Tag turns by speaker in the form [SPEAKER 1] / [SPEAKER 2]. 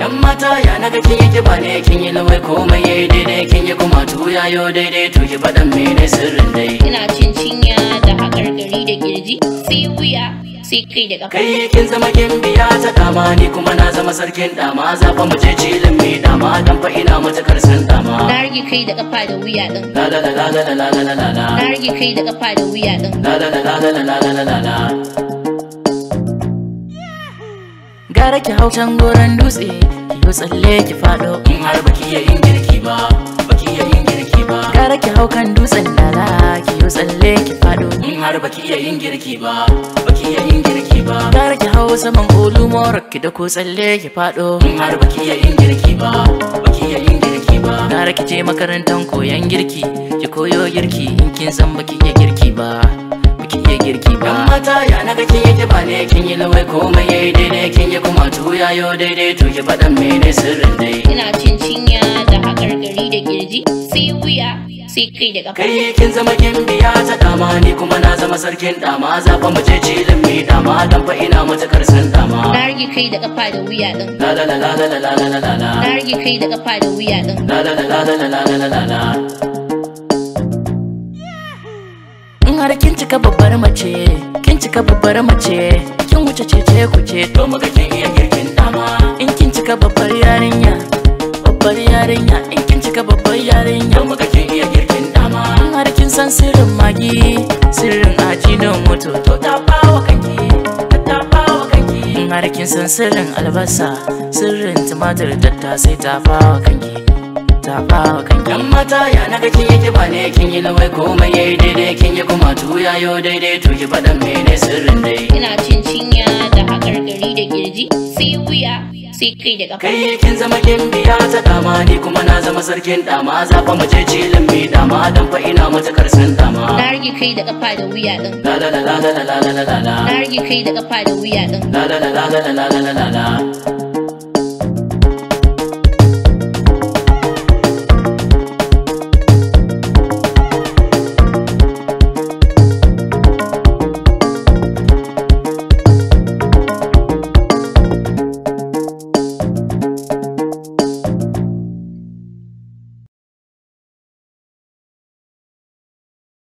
[SPEAKER 1] yan mata ya naga kin yi kiba ne kin yi lawai komai yayi daidai kin yi kuma tuya yo daidai to ki faɗan mene sirrin dai
[SPEAKER 2] ina cin cinya da hakar gari da girji sai wuya sai kai da kafa kai
[SPEAKER 1] kin zama kin biya ta kama ni kuma na zama sarkin dama zafa mu je cilin mai dama dan fa ina
[SPEAKER 3] matakar san dama na
[SPEAKER 4] rage kai da kafa da wuya din
[SPEAKER 3] la la la la la la la la na rage
[SPEAKER 4] kai da kafa da wuya din
[SPEAKER 3] la la la la la la la la la
[SPEAKER 1] gara ki hau can goron dutse tsallo tsalle ki fado in har baki ya yin girki ba baki ya yin girki ba gara ki hau kan dutsen dala ki yo tsalle ki fado in har baki ya yin girki ba baki ya yin girki ba gara ki hau saman olu morak ki da ko tsalle ki fado in har baki ya yin girki ba baki ya yin girki ba gara ki je makarantan koyan girki ki koyo girki in kin san baki ya girki ba kiye girki ba mata ya na ga kin yake ba ne kin yi lawai komai yayi daidai kin yi kuma tuya yo daidai to ki me mene sirrin dai
[SPEAKER 2] ina cin cinya da hakar gari da girji, sai wuya sai kai da kafa kai
[SPEAKER 1] kin zama kin biya ta dama ni kuma na zama sarkin dama zafa mace cilin mi dama dan fa ina matakar san
[SPEAKER 3] dama na
[SPEAKER 4] rage kai da kafa da wuya din
[SPEAKER 3] la la la la la la la la na
[SPEAKER 4] rage kai da kafa da wuya
[SPEAKER 1] din
[SPEAKER 3] la la la la la la la la
[SPEAKER 1] kamar kin cika babbar mace kin cika babbar mace kin wuce cece ce, to muka kin iya girkin dama in kin cika babbar yarinya babbar yarinya in kin cika babbar yarinya to muka kin iya girkin dama har kin san sirrin magi sirrin aji don mutu to ta bawa kanki ta bawa kanki har kin san sirrin albasa sirrin tumatir tattasai ta bawa kanki zaɓa wa kanki mata ya naga kin yi kiba ne kin yi lawai komai yayi daidai kin yi kuma tuya yo daidai to ki faɗan mene sirrin dai
[SPEAKER 2] ina cin cinya da haƙarƙari da girji sai wuya sai kai da kafa kai
[SPEAKER 1] kin zama kin biya ta dama ni kuma na zama sarkin dama zafa mu je cilin mi dama dan fa ina matakar san dama na
[SPEAKER 4] rage kai da kafa da wuya din
[SPEAKER 3] la la la la la la la la na rage
[SPEAKER 4] kai da kafa da wuya din
[SPEAKER 3] la la la la la la la la